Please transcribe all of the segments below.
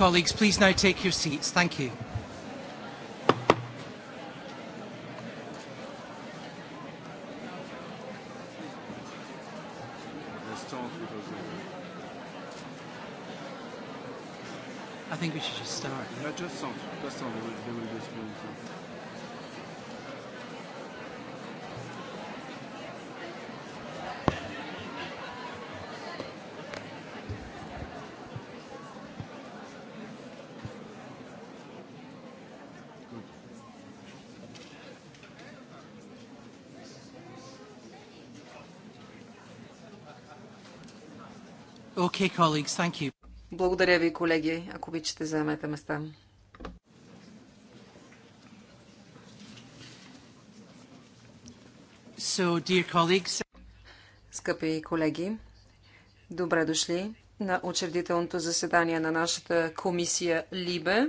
colleagues, please now take your seats. Thank you. Okay, colleagues, thank you. Благодаря ви, колеги. Ако обичате, заемете места. So, dear colleagues... Скъпи колеги, добре дошли на учредителното заседание на нашата комисия Либе.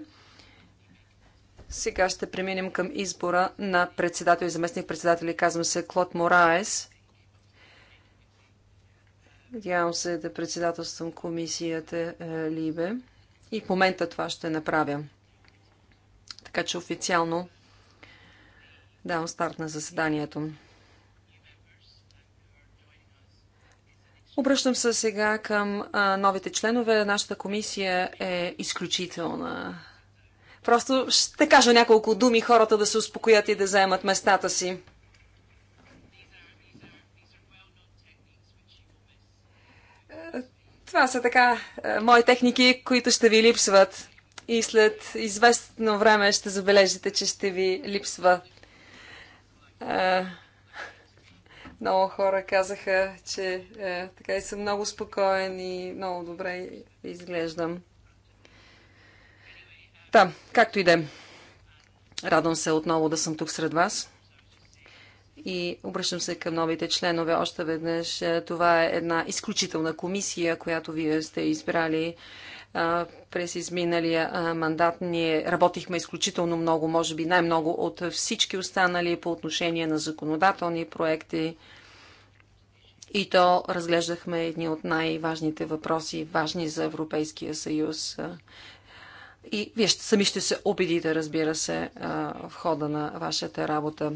Сега ще преминем към избора на председател и заместник председатели. Казвам се Клод Мораес Надявам се да председателствам комисията е, Либе. И в момента това ще направя. Така че официално давам старт на заседанието. Обръщам се сега към новите членове. Нашата комисия е изключителна. Просто ще кажа няколко думи хората да се успокоят и да заемат местата си. Това са така е, мои техники, които ще ви липсват. И след известно време ще забележите, че ще ви липсва. Е, много хора казаха, че е, така и съм много спокоен и много добре изглеждам. Та, да, както и да е. Радвам се отново да съм тук сред вас. И обръщам се към новите членове още веднъж. Е, това е една изключителна комисия, която вие сте избрали през изминалия мандат ние работихме изключително много, може би най-много от всички останали по отношение на законодателни проекти. И то разглеждахме едни от най-важните въпроси, важни за Европейския съюз. И вие сами ще се убедите, разбира се, в хода на вашата работа.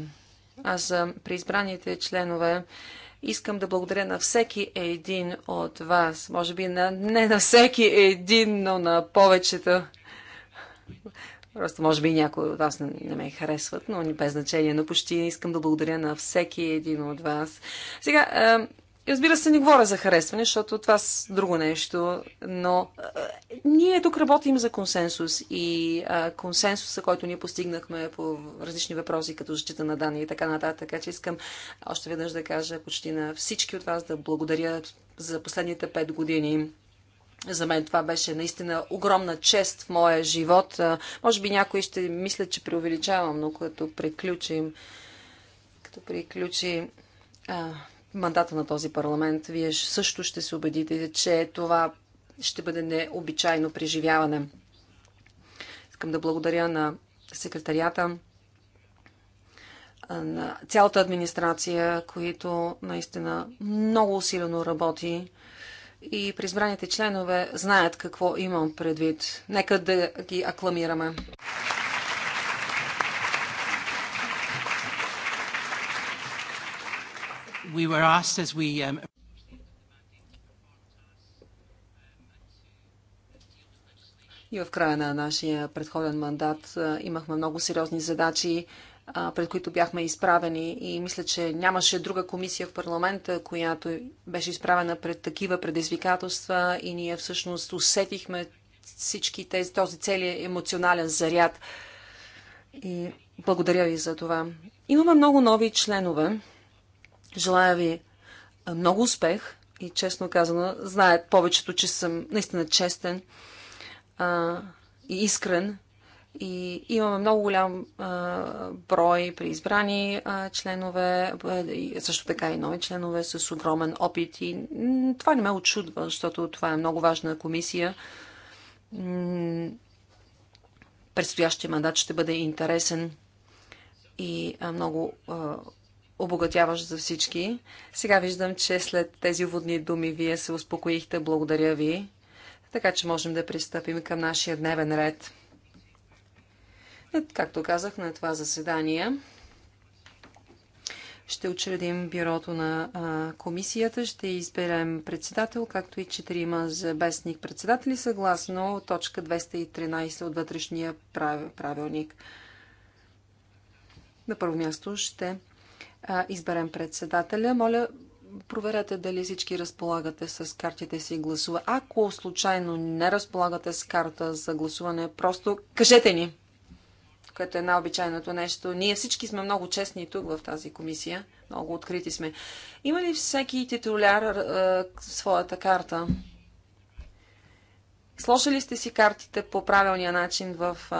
Аз при избраните членове искам да благодаря на всеки един от вас. Може би на, не на всеки един, но на повечето. Просто може би някои от вас не, не ме харесват, но без значение. Но почти искам да благодаря на всеки един от вас. Сега, разбира се, не говоря за харесване, защото това е друго нещо, но а, ние тук работим за консенсус и а, консенсуса, който ние постигнахме по различни въпроси, като защита на данни и така нататък. Така че искам още веднъж да кажа почти на всички от вас да благодаря за последните пет години. За мен това беше наистина огромна чест в моя живот. А, може би някой ще мисля, че преувеличавам, но като приключим, като приключим. а, мандата на този парламент, вие също ще се убедите, че това ще бъде необичайно преживяване. Искам да благодаря на секретарията, на цялата администрация, които наистина много усилено работи и призбраните членове знаят какво имам предвид. Нека да ги акламираме. we were asked as we um, И в края на нашия предходен мандат имахме много сериозни задачи, пред които бяхме изправени и мисля, че нямаше друга комисия в парламента, която беше изправена пред такива предизвикателства и ние всъщност усетихме всички тези, този целият емоционален заряд. И благодаря ви за това. Имаме много нови членове. Желая ви много успех и честно казано, знаят повечето, че съм наистина честен а, и искрен. И имаме много голям а, брой избрани а, членове, а, също така и нови членове с огромен опит. И това не ме очудва, защото това е много важна комисия. М- предстоящия мандат ще бъде интересен и много а, Обогатяваш за всички. Сега виждам, че след тези водни думи вие се успокоихте. Благодаря ви. Така че можем да пристъпим към нашия дневен ред. Е, както казах на това заседание, ще учредим бюрото на комисията, ще изберем председател, както и четирима бестник председатели, съгласно точка 213 от вътрешния правилник. На първо място ще изберем председателя. Моля, проверете дали всички разполагате с картите си гласува. Ако случайно не разполагате с карта за гласуване, просто кажете ни, което е най-обичайното нещо. Ние всички сме много честни тук в тази комисия. Много открити сме. Има ли всеки титуляр своята карта? Сложили сте си картите по правилния начин в е,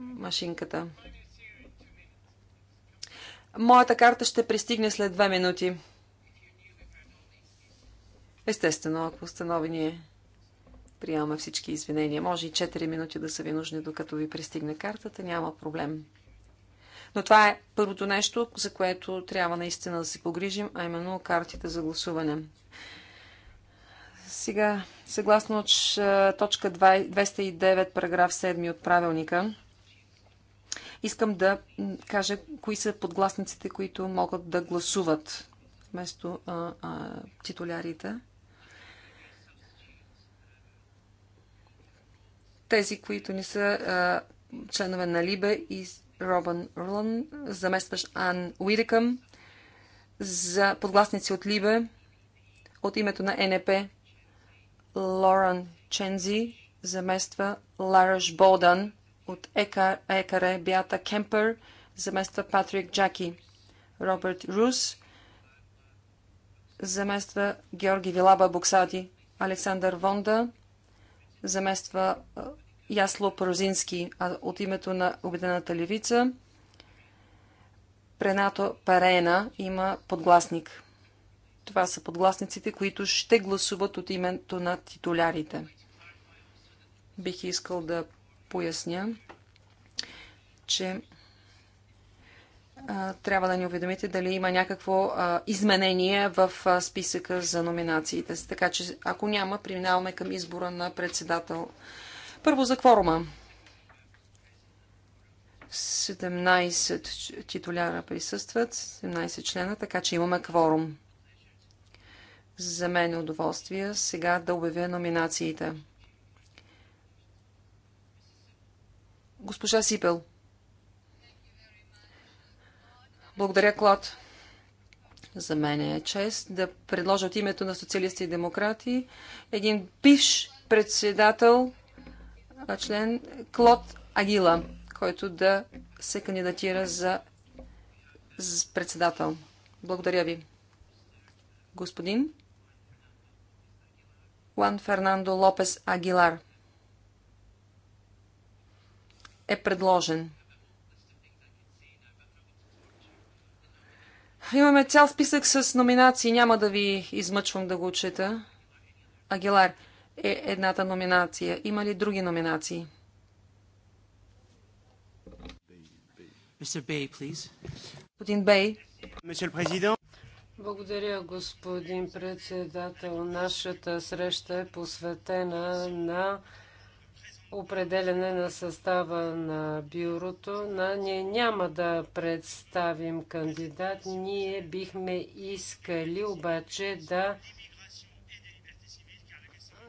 машинката? Моята карта ще пристигне след две минути. Естествено, ако сте нови, ние приемаме всички извинения. Може и 4 минути да са ви нужни, докато ви пристигне картата, няма проблем. Но това е първото нещо, за което трябва наистина да се погрижим, а именно картите за гласуване. Сега, съгласно точка 209, параграф 7 от правилника, Искам да кажа кои са подгласниците, които могат да гласуват вместо а, а, титулярите. Тези, които не са а, членове на Либе и Робън Рулан, заместваш Ан Уидекъм, за подгласници от Либе, от името на НП, Лоран Чензи замества Лараш Бодан, от ЕКР Бята Кемпер замества Патрик Джаки. Робърт Рус замества Георги Вилаба Буксади. Александър Вонда замества Ясло Прозински от името на Обедената левица. Пренато Парена има подгласник. Това са подгласниците, които ще гласуват от името на титулярите. Бих искал да поясня, че трябва да ни уведомите дали има някакво изменение в списъка за номинациите. Така че, ако няма, преминаваме към избора на председател. Първо за кворума. 17 титуляра присъстват, 17 члена, така че имаме кворум. За мен е удоволствие сега да обявя номинациите. Госпожа Сипел. Благодаря, Клод. За мен е чест да предложа от името на социалисти и демократи един бивш председател, член Клод Агила, който да се кандидатира за председател. Благодаря ви. Господин Уан Фернандо Лопес Агилар е предложен. Имаме цял списък с номинации, няма да ви измъчвам да го чета. Агилар е едната номинация. Има ли други номинации? Господин Бей. Благодаря, господин председател. Нашата среща е посветена на определене на състава на бюрото. На, ние няма да представим кандидат. Ние бихме искали обаче да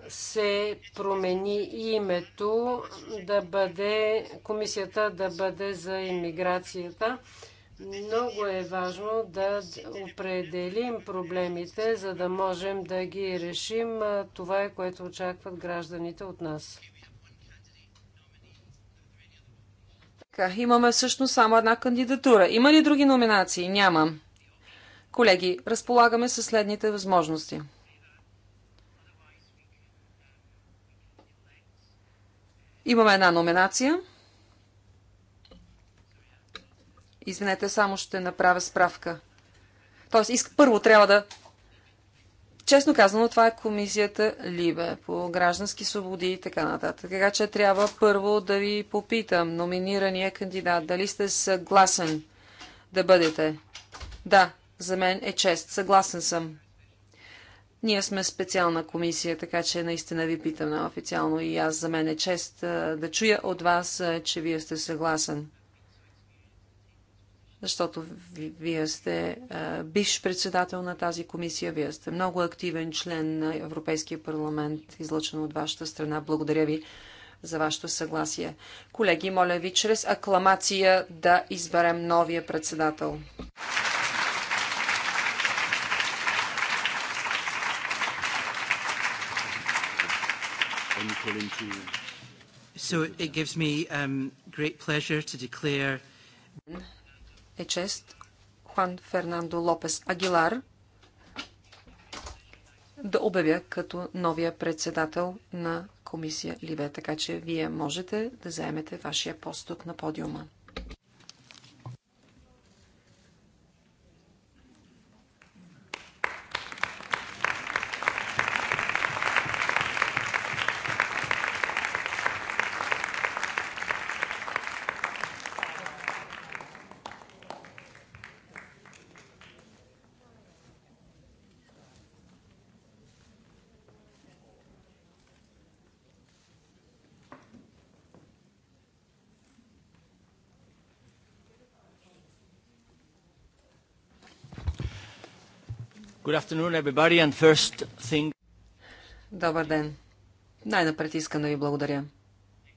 се промени името, да бъде, комисията да бъде за иммиграцията. Много е важно да определим проблемите, за да можем да ги решим. Това е което очакват гражданите от нас. Така, имаме всъщност само една кандидатура. Има ли други номинации? Няма. Колеги, разполагаме със следните възможности. Имаме една номинация. Извинете, само ще направя справка. Тоест, първо трябва да Честно казано, това е комисията Либе по граждански свободи и така нататък. Така че трябва първо да ви попитам, номинирания кандидат, дали сте съгласен да бъдете. Да, за мен е чест. Съгласен съм. Ние сме специална комисия, така че наистина ви питам официално и аз за мен е чест да чуя от вас, че вие сте съгласен защото вие сте биш председател на тази комисия, вие сте много активен член на Европейския парламент, излъчен от вашата страна. Благодаря ви за вашето съгласие. Колеги, моля ви чрез акламация да изберем новия председател. So it gives me um, great pleasure to declare е чест Хуан Фернандо Лопес Агилар да обявя като новия председател на комисия Либе, така че вие можете да заемете вашия пост тук на подиума. Good afternoon, everybody, and first thing... Добър ден. Най-напред искам да ви благодаря.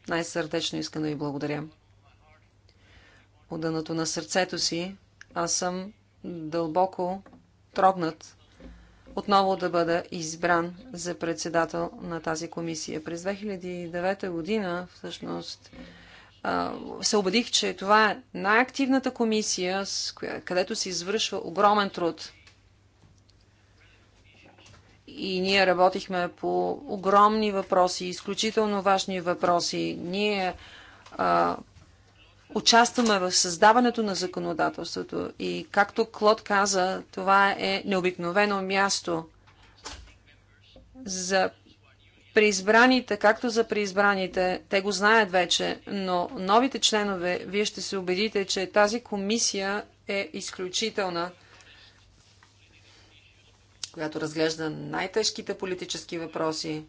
Най-сърдечно искам да ви благодаря. Отдъното на сърцето си аз съм дълбоко трогнат отново да бъда избран за председател на тази комисия. През 2009 година, всъщност, се убедих, че това е най-активната комисия, където се извършва огромен труд и ние работихме по огромни въпроси, изключително важни въпроси. Ние а, участваме в създаването на законодателството и, както Клод каза, това е необикновено място за преизбраните, както за преизбраните, те го знаят вече, но новите членове, вие ще се убедите, че тази комисия е изключителна – която разглежда най-тежките политически въпроси.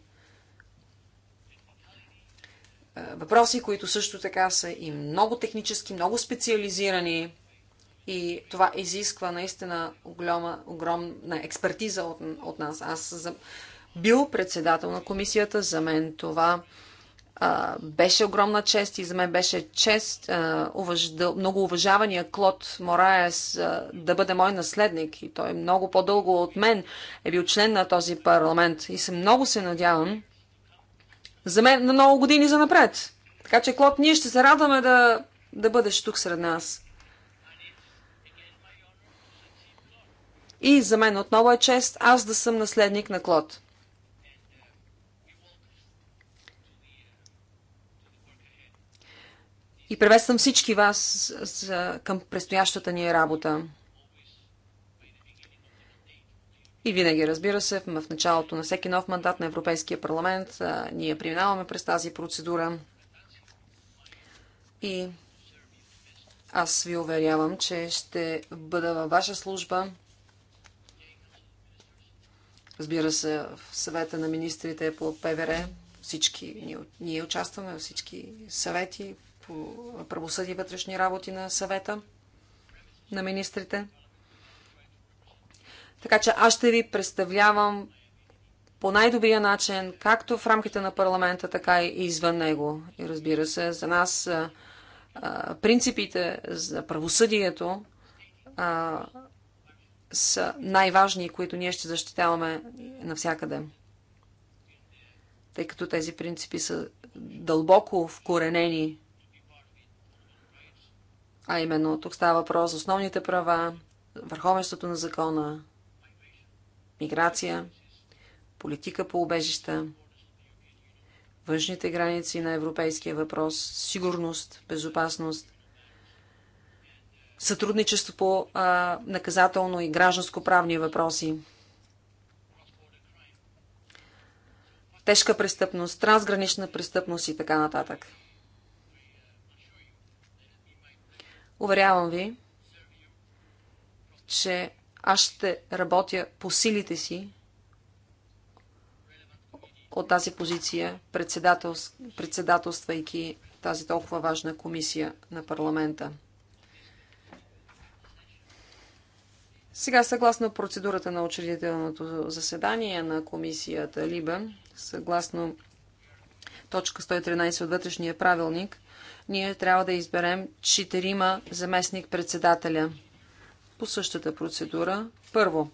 Е, въпроси, които също така са и много технически, много специализирани. И това изисква наистина огромна, огромна експертиза от, от нас. Аз съм бил председател на комисията. За мен това беше огромна чест и за мен беше чест а, уваж... да, много уважавания Клод Мораес а, да бъде мой наследник. И той е много по-дълго от мен е бил член на този парламент. И съм много се надявам за мен на много години за напред. Така че, Клод, ние ще се радваме да, да бъдеш тук сред нас. И за мен отново е чест аз да съм наследник на Клод. и приветствам всички вас към предстоящата ни работа. И винаги, разбира се, в началото на всеки нов мандат на Европейския парламент ние преминаваме през тази процедура. И аз ви уверявам, че ще бъда във ваша служба. Разбира се, в съвета на министрите по ПВР всички ние, участваме всички съвети, по правосъдие и вътрешни работи на съвета на министрите. Така че аз ще ви представлявам по най-добрия начин, както в рамките на парламента, така и извън него. И разбира се, за нас принципите за правосъдието са най-важни, които ние ще защитаваме навсякъде. Тъй като тези принципи са дълбоко вкоренени а именно, тук става въпрос за основните права, върховенството на закона, миграция, политика по убежища, външните граници на европейския въпрос, сигурност, безопасност, сътрудничество по а, наказателно и гражданско-правни въпроси, тежка престъпност, трансгранична престъпност и така нататък. Уверявам ви, че аз ще работя по силите си от тази позиция, председателствайки тази толкова важна комисия на парламента. Сега, съгласно процедурата на учредителното заседание на комисията Либа, съгласно точка 113 от вътрешния правилник, ние трябва да изберем четирима заместник председателя. По същата процедура. Първо,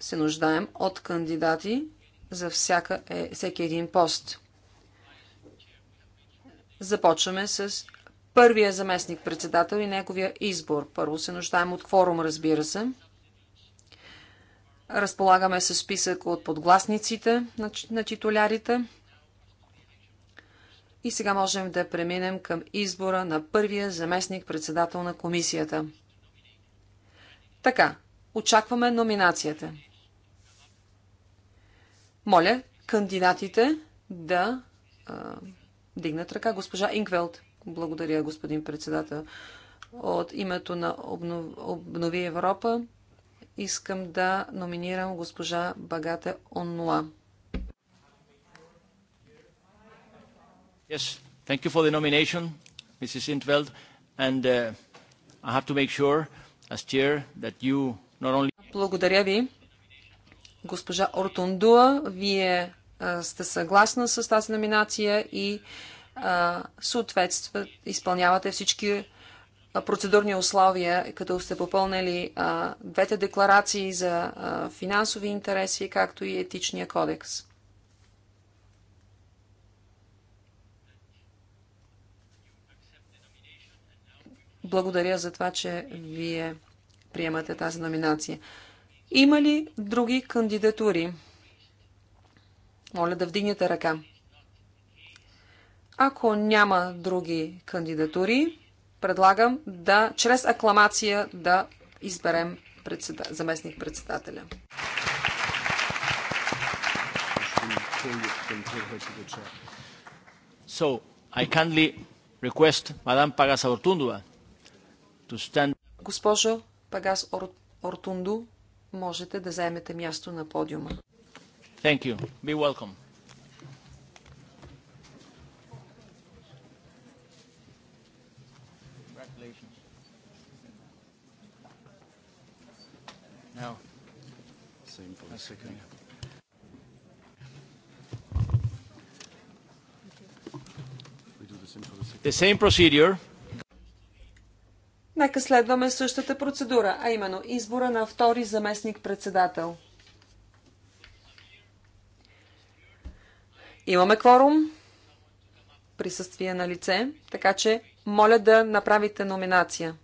се нуждаем от кандидати за всяка, е, всеки един пост. Започваме с първия заместник председател и неговия избор. Първо се нуждаем от кворум, разбира се. Разполагаме с списък от подгласниците на, титулярите. И сега можем да преминем към избора на първия заместник-председател на комисията. Така, очакваме номинацията. Моля кандидатите да а, дигнат ръка. Госпожа Инквелт. Благодаря, господин председател. От името на Обнови Европа искам да номинирам госпожа Багате Онуа. Yes, thank you for the nomination, Mrs. Intveld. And uh, I have to make sure, as chair, that you not only... Благодаря ви. Госпожа Ортундуа, вие а, сте съгласна с тази номинация и а, съответства, изпълнявате всички процедурни условия, като сте попълнили двете декларации за финансови интереси, както и етичния кодекс. Благодаря за това, че вие приемате тази номинация. Има ли други кандидатури? Моля да вдигнете ръка. Ако няма други кандидатури, предлагам да, чрез акламация, да изберем председа... заместник председателя. So, I kindly request Madame Pagas Ortundua to stand... Госпожо Пагас Ор... можете да заемете място на подиума. Thank you. Be welcome. second. The same procedure. Нека следваме същата процедура, а именно избора на втори заместник-председател. Имаме кворум, присъствие на лице, така че моля да направите номинация.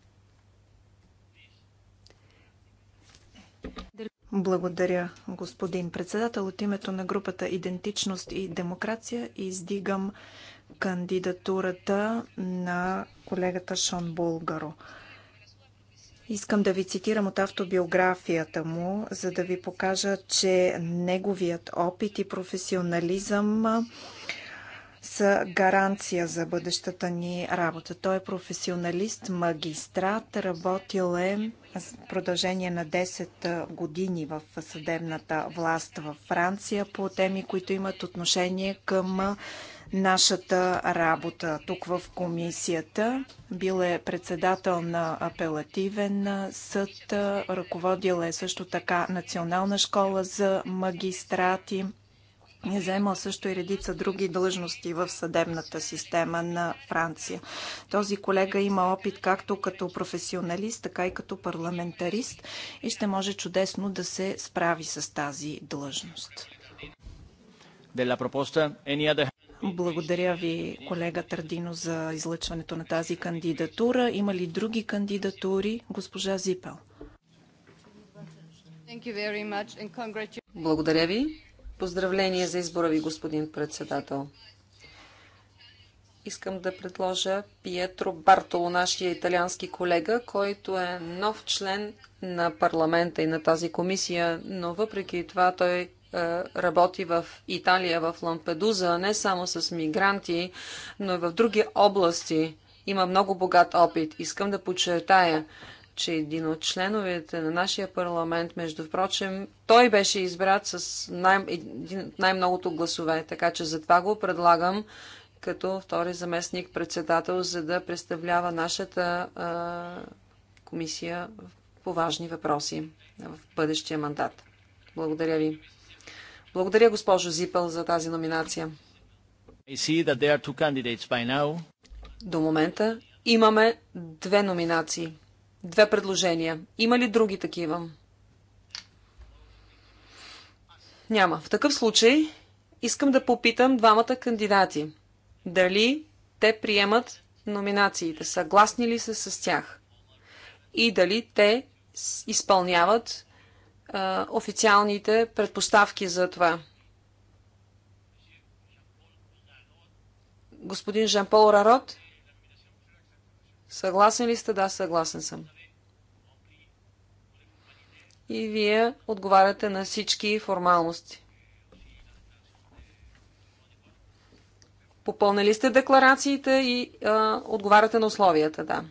Благодаря, господин председател. От името на групата Идентичност и демокрация издигам кандидатурата на колегата Шон Болгаро. Искам да ви цитирам от автобиографията му, за да ви покажа, че неговият опит и професионализъм са гаранция за бъдещата ни работа. Той е професионалист, магистрат, работил е в продължение на 10 години в съдебната власт във Франция по теми, които имат отношение към нашата работа тук в комисията. Бил е председател на апелативен съд, ръководил е също така Национална школа за магистрати е заемал също и редица други длъжности в съдебната система на Франция. Този колега има опит както като професионалист, така и като парламентарист и ще може чудесно да се справи с тази длъжност. Благодаря ви, колега Тардино, за излъчването на тази кандидатура. Има ли други кандидатури? Госпожа Зипел. Благодаря ви Поздравление за избора ви, господин председател. Искам да предложа Пиетро Бартоло, нашия италиански колега, който е нов член на парламента и на тази комисия, но въпреки това той е, работи в Италия, в Лампедуза, не само с мигранти, но и в други области. Има много богат опит. Искам да подчертая, че един от членовете на нашия парламент, между впрочем, той беше избрат с най- най-многото гласове, така че затова го предлагам като втори заместник председател, за да представлява нашата а, комисия по важни въпроси в бъдещия мандат. Благодаря ви. Благодаря, госпожо Зипъл, за тази номинация. До момента имаме две номинации. Две предложения. Има ли други такива? Няма. В такъв случай искам да попитам двамата кандидати. Дали те приемат номинациите? Съгласни ли са с тях? И дали те изпълняват а, официалните предпоставки за това? Господин Жан-Пол Рарот? Съгласен ли сте? Да, съгласен съм. И вие отговаряте на всички формалности. Попълнили сте декларациите и а, отговаряте на условията, да.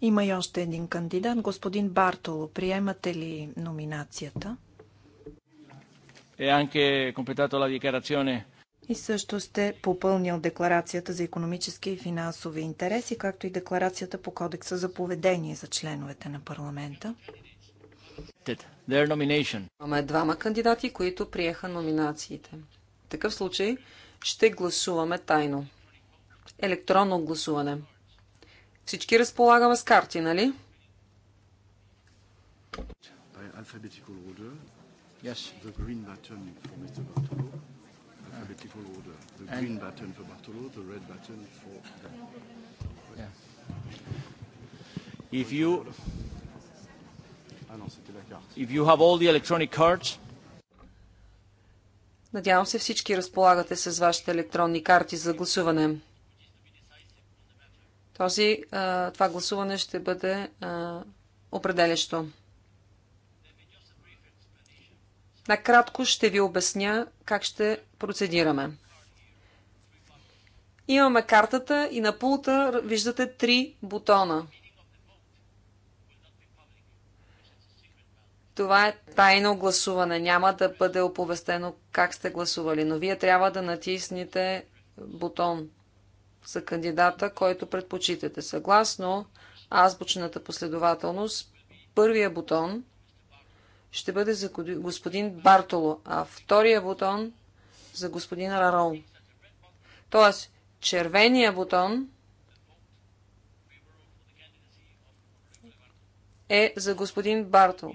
Има и още един кандидат. Господин Бартоло, приемате ли номинацията? Е anche completato la dichiarazione и също сте попълнил декларацията за економически и финансови интереси, както и декларацията по кодекса за поведение за членовете на парламента. Имаме двама кандидати, които приеха номинациите. В такъв случай ще гласуваме тайно. Електронно гласуване. Всички разполагаме с карти, нали? Yes. The green button for Mr. Bartolo alphabetical order. The green button for Bartolo, the red button for them. Yeah. If you If you have all the electronic cards, Надявам се всички разполагате с вашите електронни карти за гласуване. Този, това гласуване ще бъде определящо. Накратко ще ви обясня как ще процедираме. Имаме картата и на пулта виждате три бутона. Това е тайно гласуване. Няма да бъде оповестено как сте гласували, но вие трябва да натиснете бутон за кандидата, който предпочитате. Съгласно азбучната последователност, първия бутон ще бъде за господин Бартоло, а втория бутон за господин Рарон. Тоест, червения бутон е за господин Бартоло.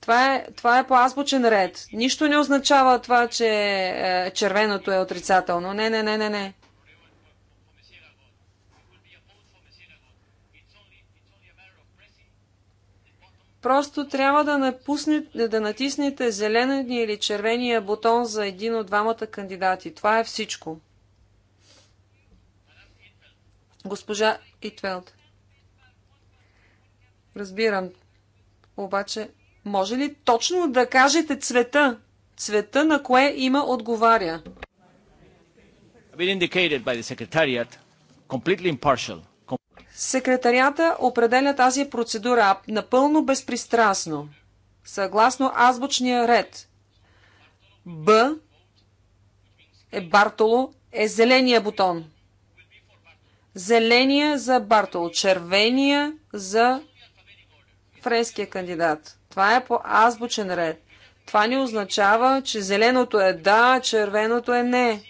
Това е, това е по азбучен ред. Нищо не означава това, че е, червеното е отрицателно. Не, не, не, не, не. Просто трябва да, напусне, да натиснете зеления или червения бутон за един от двамата кандидати. Това е всичко. Госпожа Итвелд. Разбирам. Обаче, може ли точно да кажете цвета? Цвета на кое има отговаря? Been indicated by the secretariat, completely impartial. Секретарията определя тази процедура напълно безпристрастно, съгласно азбучния ред. Б е Бартоло, е зеления бутон. Зеления за Бартоло, червения за френския кандидат. Това е по азбучен ред. Това не означава, че зеленото е да, червеното е не.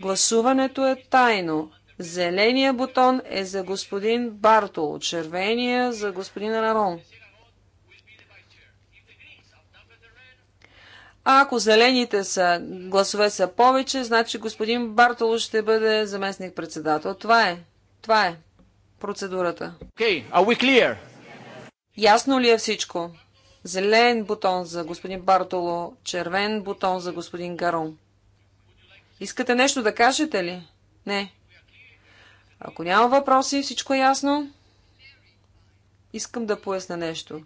Гласуването е тайно. Зеления бутон е за господин Барто, червения за господин Арон. А ако зелените са, гласове са повече, значи господин Бартоло ще бъде заместник председател. Това е. Това е процедурата. Okay, are we clear? Ясно ли е всичко? Зелен бутон за господин Бартоло, червен бутон за господин Гарон. Искате нещо да кажете ли? Не. Ако няма въпроси, всичко е ясно. Искам да поясна нещо.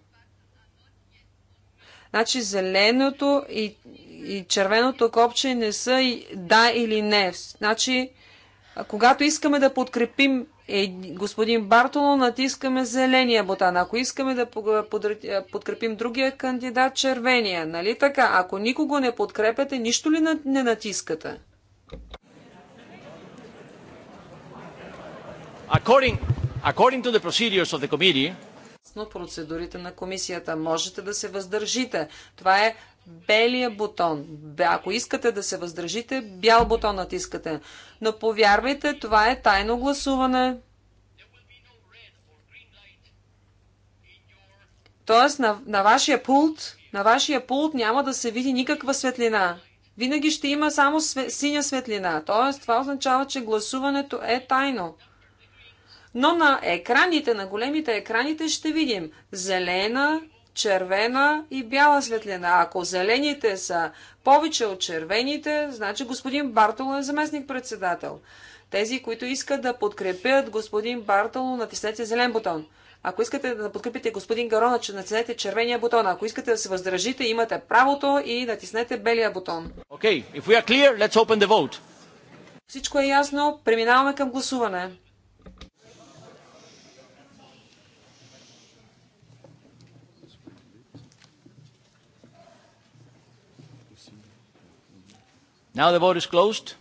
Значи зеленото и, и червеното копче не са и да или не. Значи, когато искаме да подкрепим е, господин Бартоло, натискаме зеления бутан. Ако искаме да е, подкрепим другия кандидат, червения. Нали така? Ако никого не подкрепяте, нищо ли не натискате? According, according to the procedures of the committee, процедурите на комисията. Можете да се въздържите. Това е белия бутон. Ако искате да се въздържите, бял бутон натискате. Но повярвайте, това е тайно гласуване. Тоест на, на вашия пулт, на вашия пулт няма да се види никаква светлина. Винаги ще има само све, синя светлина. Тоест това означава, че гласуването е тайно. Но на екраните, на големите екраните ще видим зелена, червена и бяла светлина. Ако зелените са повече от червените, значи господин Бартоло е заместник-председател. Тези, които искат да подкрепят господин Бартоло, натиснете зелен бутон. Ако искате да подкрепите господин Гарона, че натиснете червения бутон. Ако искате да се въздържите, имате правото и натиснете белия бутон. Okay, if we are clear, let's open the vote. Всичко е ясно, преминаваме към гласуване. Now the vote is closed.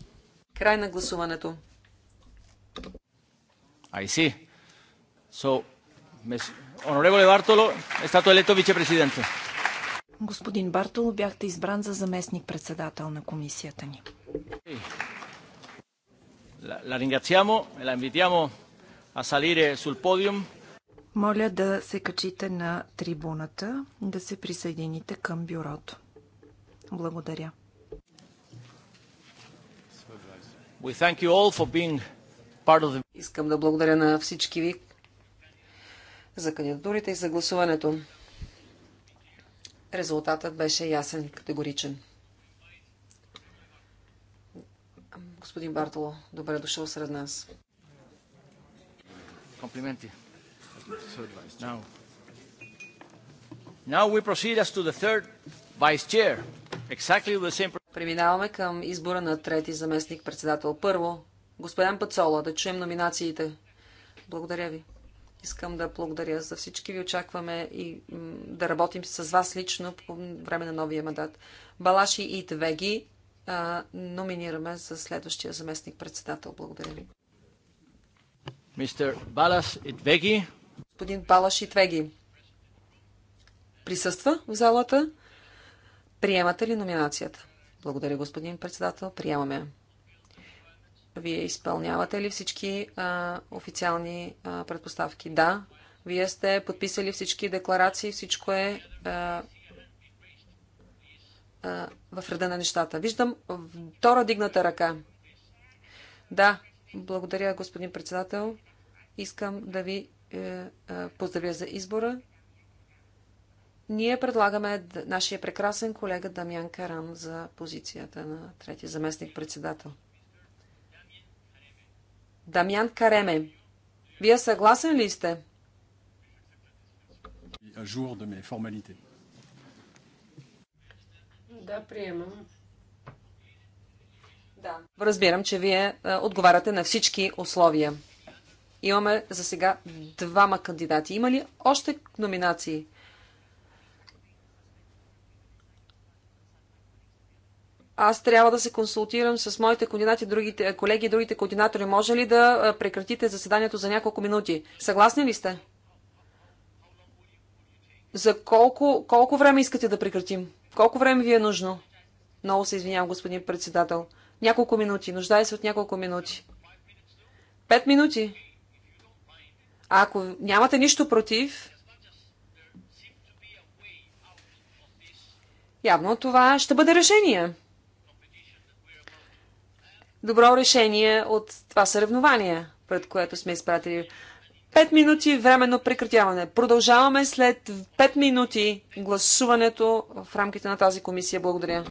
Край на гласуването. I see. So, Honorable Бартоло е стато елето вице-президенте. Господин Бартоло, бяхте избран за заместник-председател на комисията ни. La ringraziamo la invitiamo a salire eh, sul podium. Моля да се качите на трибуната, да се присъедините към бюрото. Благодаря. Искам да благодаря на всички ви за кандидатурите и за гласуването. Резултатът беше ясен и категоричен. Господин Бартоло, добре дошъл сред нас. Комплименти. Now. Now we proceed as to the third vice chair. Exactly the same Преминаваме към избора на трети заместник председател. Първо, господин Пацола, да чуем номинациите. Благодаря ви. Искам да благодаря за всички ви. Очакваме и да работим с вас лично по време на новия мандат. Балаши и Твеги а, номинираме за следващия заместник председател. Благодаря ви. Мистер Балаш и Твеги. Господин Балаш Твеги, Присъства в залата. Приемате ли номинацията? Благодаря, господин председател. Приемаме. Вие изпълнявате ли всички а, официални а, предпоставки? Да. Вие сте подписали всички декларации, всичко е а, а, в реда на нещата. Виждам втора дигната ръка. Да, благодаря, господин председател. Искам да ви е, е, поздравя за избора ние предлагаме нашия прекрасен колега Дамян Каран за позицията на трети заместник председател. Дамян Кареме, вие съгласен ли сте? Да, приемам. Да. Разбирам, че вие е, отговаряте на всички условия. Имаме за сега двама кандидати. Има ли още номинации? аз трябва да се консултирам с моите координати, другите, е, колеги, другите координатори. Може ли да е, прекратите заседанието за няколко минути? Съгласни ли сте? За колко, колко време искате да прекратим? Колко време ви е нужно? Много се извинявам, господин председател. Няколко минути. Нуждае се от няколко минути. Пет минути. А ако нямате нищо против, явно това ще бъде решение добро решение от това съревнование, пред което сме изпратили. Пет минути временно прекратяване. Продължаваме след пет минути гласуването в рамките на тази комисия. Благодаря.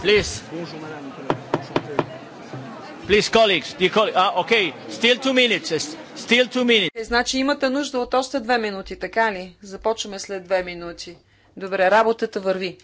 Please. Bonjour madame, Please colleagues, dear colleagues. Ah, okay. Still two minutes. Still two minutes. Значи имате нужда от още две минути, така ли? Започваме след две минути. Добре, работата върви.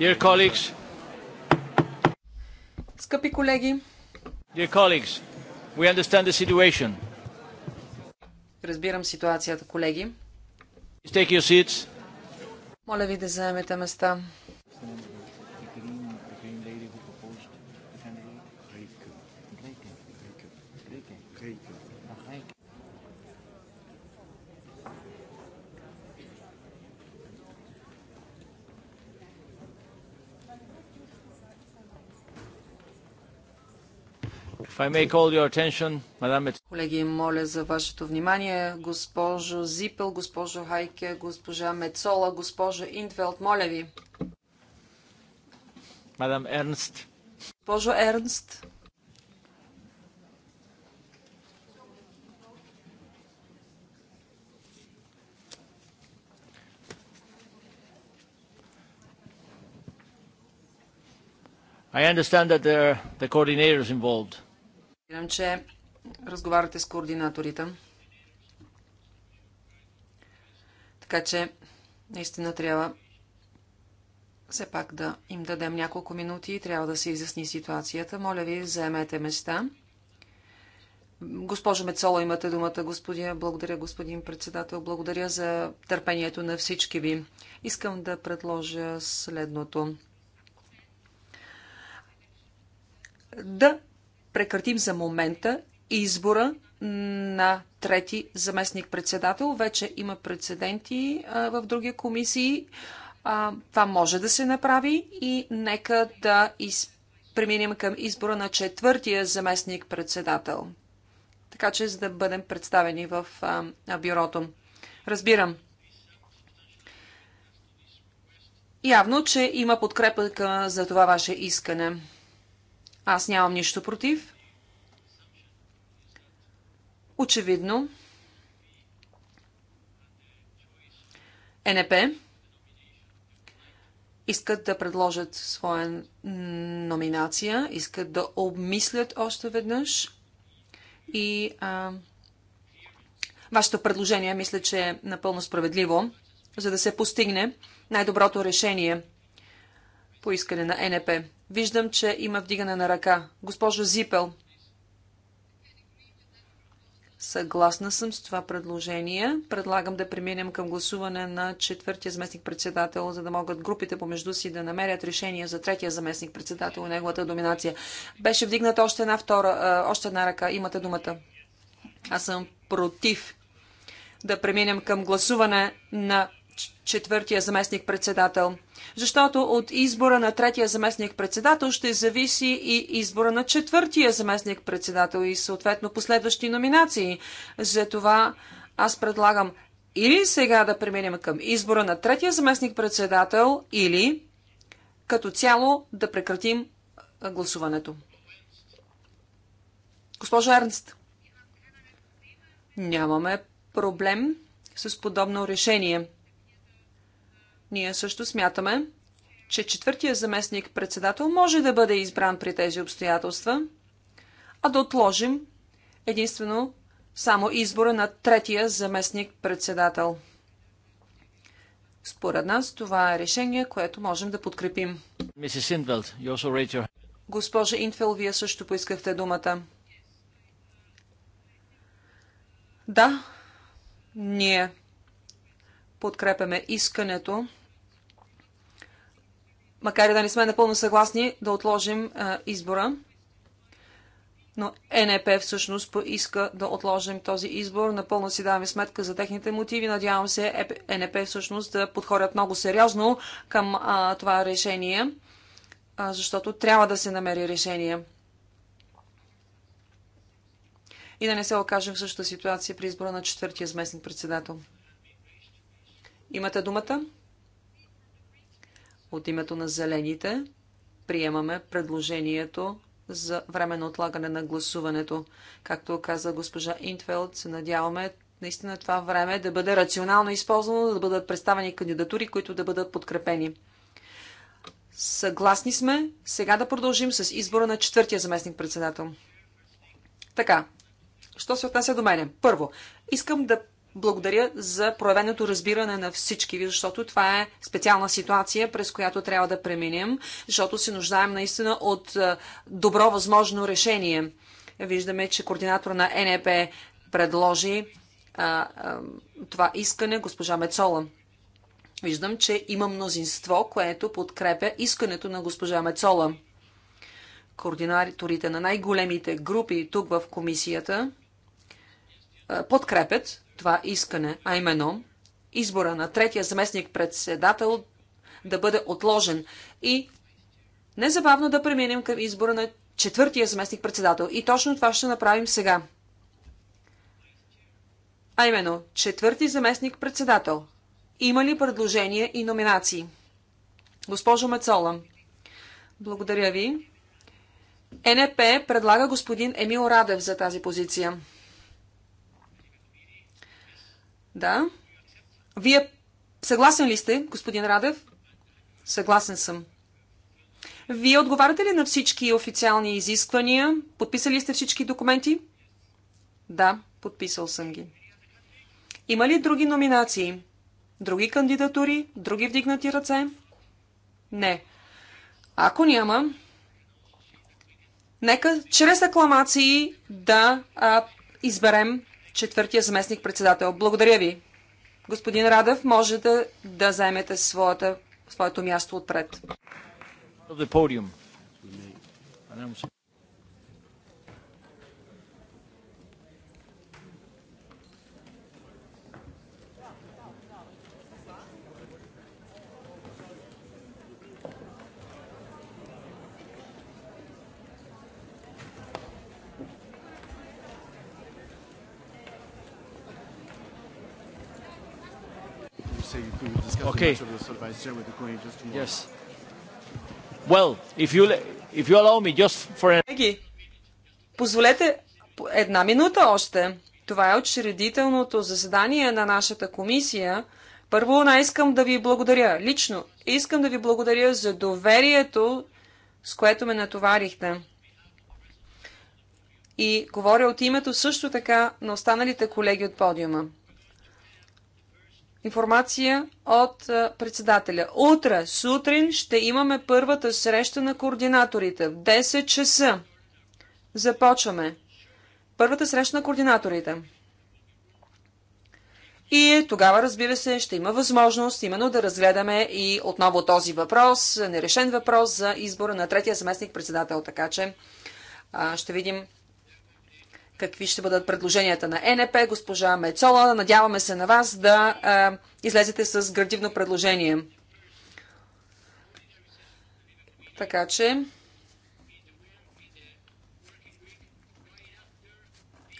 Dear colleagues, Скъпи колеги, Dear colleagues, we understand the situation. Разбирам ситуацията, колеги. Take your seats. Моля ви да заемете места. Колеги, моля за вашето внимание. Госпожо Зипел, госпожо Хайке, госпожа Мецола, госпожо Интвелд, моля ви. Мадам Ернст. Госпожо Ернст. I understand that there are the coordinators involved. Предполагам, че разговаряте с координаторите. Така че наистина трябва все пак да им дадем няколко минути и трябва да се изясни ситуацията. Моля ви, заемете места. Госпожо Мецоло, имате думата, господин. Благодаря, господин председател. Благодаря за търпението на всички ви. Искам да предложа следното. Да прекратим за момента избора на трети заместник-председател. Вече има прецеденти в други комисии. А, това може да се направи и нека да из... преминем към избора на четвъртия заместник-председател. Така че, за да бъдем представени в а, бюрото. Разбирам. Явно, че има подкрепа за това ваше искане. Аз нямам нищо против. Очевидно, НП искат да предложат своя номинация, искат да обмислят още веднъж и а, вашето предложение мисля, че е напълно справедливо, за да се постигне най-доброто решение по искане на НП. Виждам, че има вдигане на ръка. Госпожо Зипел. Съгласна съм с това предложение. Предлагам да преминем към гласуване на четвъртия заместник-председател, за да могат групите помежду си да намерят решение за третия заместник-председател и неговата доминация. Беше вдигната още една, втора, още една ръка. Имате думата. Аз съм против да преминем към гласуване на четвъртия заместник-председател. Защото от избора на третия заместник-председател ще зависи и избора на четвъртия заместник-председател и съответно последващи номинации. Затова аз предлагам или сега да преминем към избора на третия заместник-председател, или като цяло да прекратим гласуването. Госпожо Ернст, нямаме проблем с подобно решение – ние също смятаме, че четвъртия заместник председател може да бъде избран при тези обстоятелства, а да отложим единствено само избора на третия заместник председател. Според нас това е решение, което можем да подкрепим. Госпожа Инфел, вие също поискахте думата. Да, ние подкрепяме искането макар и да не сме напълно съгласни, да отложим а, избора. Но НЕП всъщност поиска да отложим този избор. Напълно си даваме сметка за техните мотиви. Надявам се НЕП е всъщност да подходят много сериозно към а, това решение, а, защото трябва да се намери решение. И да не се окажем в същата ситуация при избора на четвъртия заместник председател. Имате думата. От името на зелените приемаме предложението за временно отлагане на гласуването. Както каза госпожа Интфелд, се надяваме наистина това време да бъде рационално използвано, да бъдат представени кандидатури, които да бъдат подкрепени. Съгласни сме сега да продължим с избора на четвъртия заместник председател. Така, що се отнася до мене? Първо, искам да благодаря за проявеното разбиране на всички ви, защото това е специална ситуация, през която трябва да преминем, защото се нуждаем наистина от е, добро възможно решение. Виждаме, че координатор на НЕП предложи а, е, а, е, това искане госпожа Мецола. Виждам, че има мнозинство, което подкрепя искането на госпожа Мецола. Координаторите на най-големите групи тук в комисията е, подкрепят това искане, а именно избора на третия заместник-председател да бъде отложен и незабавно да преминем към избора на четвъртия заместник-председател. И точно това ще направим сега. А именно, четвърти заместник-председател. Има ли предложения и номинации? Госпожо Мецола, благодаря ви. Е, НП предлага господин Емил Радев за тази позиция. Да. Вие съгласен ли сте, господин Радев? Съгласен съм. Вие отговаряте ли на всички официални изисквания? Подписали сте всички документи? Да, подписал съм ги. Има ли други номинации? Други кандидатури? Други вдигнати ръце? Не. Ако няма, нека чрез акламации да а, изберем четвъртия заместник председател. Благодаря ви. Господин Радев, може да, да заемете своята, своето място отпред. Okay. Yes. Well, if you, if you allow me just for an... Позволете една минута още. Това е учредителното заседание на нашата комисия. Първо, на искам да ви благодаря. Лично искам да ви благодаря за доверието, с което ме натоварихте. И говоря от името също така на останалите колеги от подиума информация от председателя. Утре сутрин ще имаме първата среща на координаторите. В 10 часа започваме. Първата среща на координаторите. И тогава, разбира се, ще има възможност именно да разгледаме и отново този въпрос, нерешен въпрос за избора на третия заместник председател. Така че ще видим какви ще бъдат предложенията на НП. Госпожа Мецола, надяваме се на вас да а, излезете с градивно предложение. Така че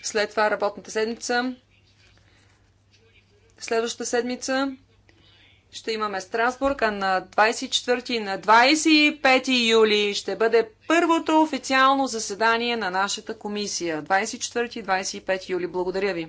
след това работната седмица, следващата седмица ще имаме Страсбург, а на 24 и на 25 юли ще бъде първото официално заседание на нашата комисия. 24 и 25 юли. Благодаря ви.